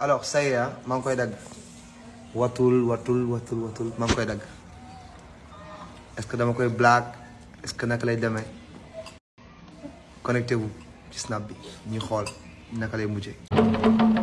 alors saya maa ngi koy dagg watul watul watul watul maa ngi koy dagg est-ce que dama koy black est-ce que naka lay demee connecté wu ci snap bi ñu xool naka lay mujjee